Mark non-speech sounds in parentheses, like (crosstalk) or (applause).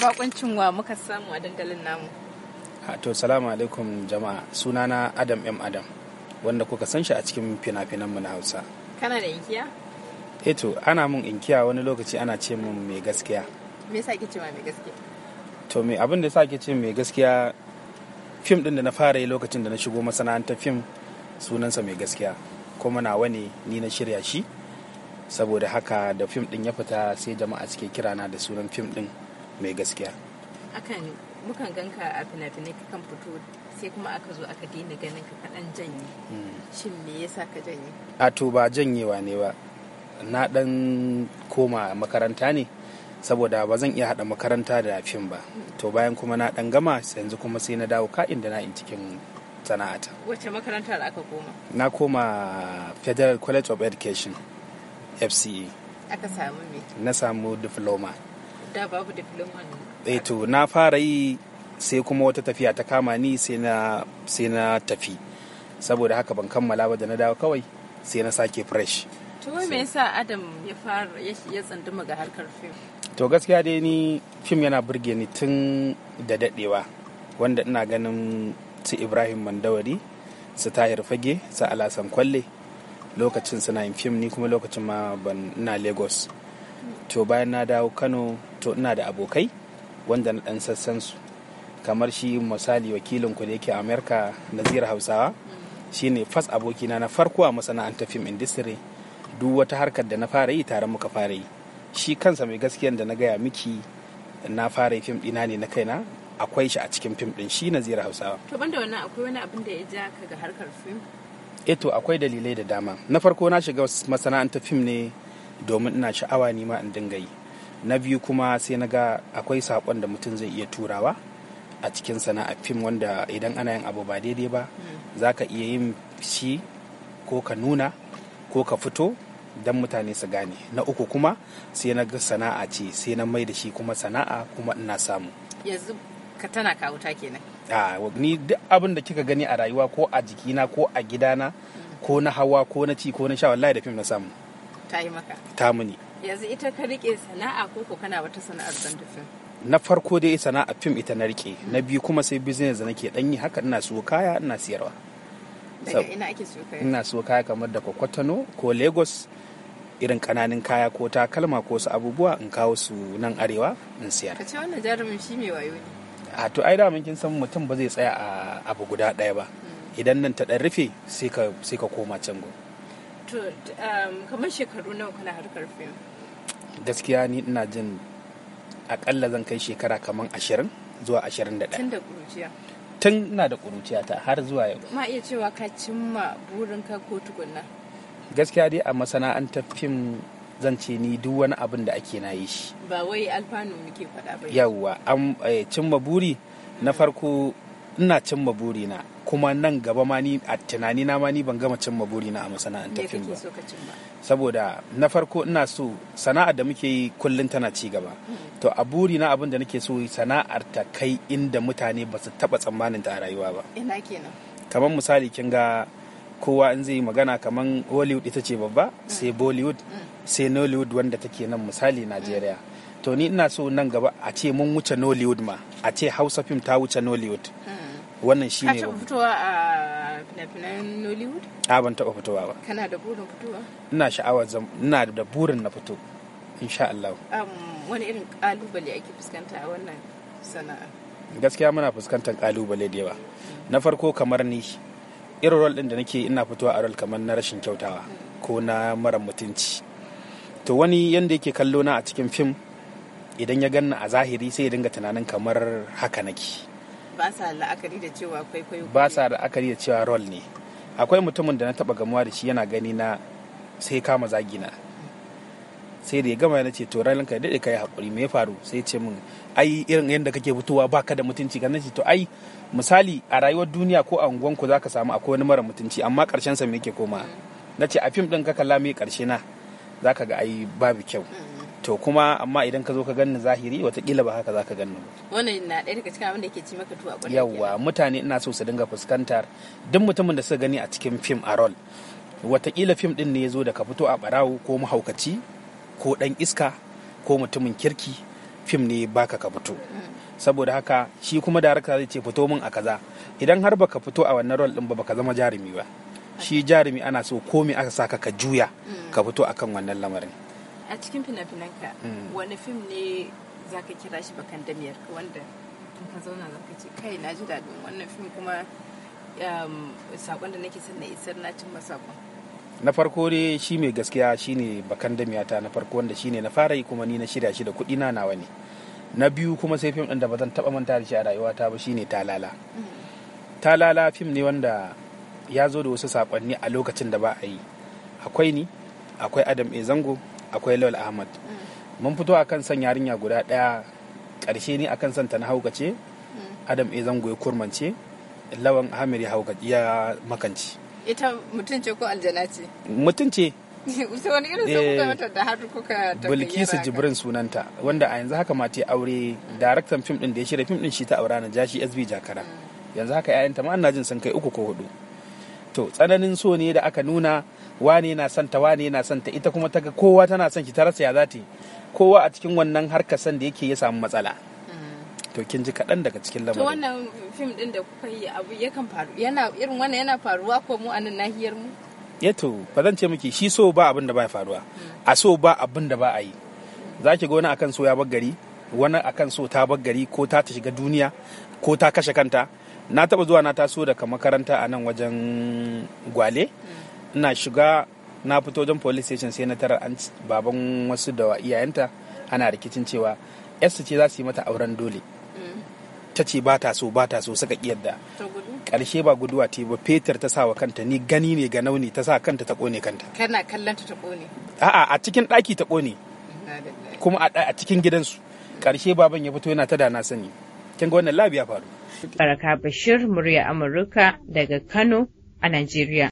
bakuncin wa muka samu a dangalin namu. Ah, to salamu alaikum jama'a sunana adam m adam wanda kuka san shi a cikin fina-finanmu na hausa kana da inkiya eto eh ana mun inkiya wani lokaci ana ce mun mai gaskiya me yasa ke cewa mai gaskiya to me abin da yasa ke ce mai gaskiya fim din da na fara yi lokacin da na shigo masana'antar fim sunansa mai gaskiya kuma nawa ne ni na shirya shi saboda haka da fim din ya fita sai jama'a suke kirana da sunan fim din mai gaskiya akan mukan ganka a fina-finai kakan fito sai kuma aka zo aka daina ganin ka kaɗan janye hmm. shin me yasa ka janye a to ba janyewa ne ba na ɗan koma makaranta ne saboda ba zan iya haɗa makaranta da fim ba hmm. to bayan kuma na ɗan gama yanzu kuma sai na dawo ka'in da na in cikin sana'ata wacce makaranta da aka koma na koma federal college of education fce aka samu me na samu diploma da babu diploma eh to na fara yi sai kuma wata tafiya ta kama ni sai na tafi saboda haka ban kammala ba da na dawo kawai sai na sake fresh to me yasa adam ya fara ya tsanduma ga harkar fim to gaskiya dai ni fim yana burge ni tun da dadewa wanda ina ganin su ibrahim mandawari su tahir fage su alasan kwalle lokacin suna yin fim ni kuma lokacin ma ban ina lagos to bayan na dawo kano to ina da abokai wanda na dan sassan su kamar shi misali wakilin ku da yake america nazir hausawa shine fas abokina na farko a masana'antar film industry duk wata harkar da na fara yi tare muka fara yi shi kansa mai gaskiyan da na gaya miki na fara yi fim ɗina ne na kaina akwai shi a cikin fim ɗin shi nazira hausawa to banda wannan akwai wani abin da ya ja ka ga harkar fim eh to akwai dalilai da dama na farko na shiga masana'antar fim ne domin ina sha'awa ni ma in dinga yi na biyu kuma sai na ga akwai saƙon da mutum zai iya turawa a cikin sana'a fim wanda idan ana yin abu ba daidai ba za ka iya yin shi ko ka nuna ko ka fito don mutane su gane na uku kuma sai na ga sana'a ce sai na mai da shi kuma sana'a kuma ina samu yanzu ka tana kawuta kenan a ni duk abin da kika gani a rayuwa ko a jikina ko a gidana ko na hawa ko na ci ko na sha wallahi da fim na samu ta yi maka ta muni yanzu ita ka rike sana'a ko ko kana wata sana'ar ban da fim na farko dai sana'a fim ita na rike na biyu kuma sai business da nake dan yi haka ina siyo kaya ina siyarwa daga ina ake siyo kaya ina siyo kaya kamar da kwakwatano ko Lagos irin kananin kaya ko takalma ko su abubuwa in kawo su nan arewa in siyar ka ce wannan jarumin shi mai wayo ne a to ai daman kin san mutum ba zai tsaya a abu guda ɗaya ba hmm. idan nan ta ɗan rufe sai ka koma can go. to um, kamar shekaru nawa kana harkar fim gaskiya ni ina jin akalla zan kai shekara kamar ashirin zuwa ashirin da ɗaya tun na da ƙuruciya ta har zuwa yau ma iya cewa ka cimma burinka ko tukunna gaskiya dai a masana'antar fim zan ce ni duk wani abin da ake na yi shi ba wai alfanu muke faɗa ba yawwa an eh, cimma buri na farko ina cimma burina kuma nan gaba ma ni a tunani na ma ni ban gama cimma burina a masana'antar fim ba saboda na farko ina so sana'ar da muke yi kullum tana ci gaba mm. to a burina abin da nake so sana'ar ta kai inda mutane ba su taba tsammanin ta a rayuwa ba ina kenan kamar misali kin ga kowa in zai yi magana kamar hollywood ita ce babba mm. sai bollywood mm. sai nollywood wanda take nan misali najeriya to ni ina so nan gaba a ce mun wuce nollywood ma a ce hausa fim ta wuce nollywood hmm. wannan shi ne ka fitowa a fina-finan nollywood a ban taɓa fitowa ba kana da burin fitowa ina sha'awar ina da burin na fito insha Allah um, wani irin kalubale ake fuskanta a wannan sana'a gaskiya muna fuskantar kalubale da yawa na farko kamar ni irin rol din da nake ina fitowa a rol kamar na rashin kyautawa ko na mara mutunci to wani yanda yake kallo na a cikin fim idan ya ganna a zahiri sai ya dinga tunanin kamar haka nake ba sa la'akari da cewa kwaikwayo ba sa la'akari da cewa rol ne akwai mutumin da na taba gamuwa da shi yana gani na sai kama zagina sai da ya gama yana ce to ranar ka daɗe ka yi haƙuri me ya faru sai ce min ai irin yadda kake fitowa ba ka da mutunci kan ce to ai misali a rayuwar duniya ko a unguwanku za ka samu akwai wani mara mutunci amma ƙarshen sa me yake koma mm. na ce a fim ɗin ka kalla me ƙarshe na za ga ai babu kyau mm. to kuma amma idan ka zo ka ganni zahiri watakila ba haka za ka ganni wannan na ɗaya daga cikin abin da ke ci maka tuwa ƙwarai yawa mutane ina so su dinga fuskantar duk mutumin da suka gani a cikin fim a rol watakila fim din ne ya zo da ka fito a ɓarawo ko mahaukaci ko dan iska ko mutumin kirki fim ne baka ka fito mm. saboda haka shi kuma darakta zai ce fito min a kaza idan har baka fito a wannan rol din ba baka zama jarumi ba shi jarumi ana so komai aka saka ka juya mm. ka fito akan wannan lamarin a cikin fina-finanka mm. wani fim ne za ka kira shi bakan damiyar ka wanda ka zauna za ka ce kai na ji daɗin wannan fim kuma um, saƙon da nake son na isar na cin masakon na farko dai shi mai gaskiya shine bakan damiyata na farko wanda shine na fara yi kuma ni na shirya shi da kuɗi na nawa ne na biyu kuma sai fim ɗin da ba zan taɓa manta da shi a rayuwata ba shine talala mm. talala fim ne wanda ya zo da wasu saƙonni a lokacin da ba a yi akwai ni akwai adam e zango akwai lawal ahmad mm. mun fito a kan son yarinya guda ɗaya ƙarshe ne kan son ta na haukace mm. adam e zango ya kurmance lawan ahmed ya haukace ya makanci ita mutum ce ko aljana ce mutum ce (laughs) wani irin da kuka bilkisu jibrin sunanta wanda a yanzu haka mata aure daraktan fim din da ya shirya fim din shi ta aura na jashi sb jakara mm. yanzu haka 'ya'yanta ma ana jin sun kai uku ko hudu to tsananin so ne da aka nuna wani yana son ta wani yana son ta ita kuma ta ga kowa tana son shi ta rasa ya za ta kowa a cikin wannan harkar san da yake ya samu matsala mm. to kin ji kaɗan daga cikin lamarin to wannan fim din da kuka yi abu yakan faru yana irin wannan yana faruwa ko mu a nan nahiyar mu eh to ba zan ce miki shi so ba abin da ba faruwa mm. a so ba abin da ba a yi za ki ga wani akan so ya bar gari wani akan so ta bar gari ko ta ta shiga duniya ko ta kashe kanta na taba zuwa na taso daga makaranta a nan wajen gwale mm. ina shiga na fito wajen police station sai na tara an baban wasu da iyayenta ana rikicin cewa yarsu ce za su yi mata auren dole mm. ta ce ba ta so ba ta so suka kiyarda karshe ba guduwa ce ba fetur ta sa wa kanta ni gani ne ga nauni ta sa kanta ta kone kanta kana kallon ta ta kone a'a a cikin daki ta kone kuma a cikin gidansu karshe baban ya fito yana ta dana sani kin ga wannan labi ya faru baraka bashir murya amurka daga kano a nigeria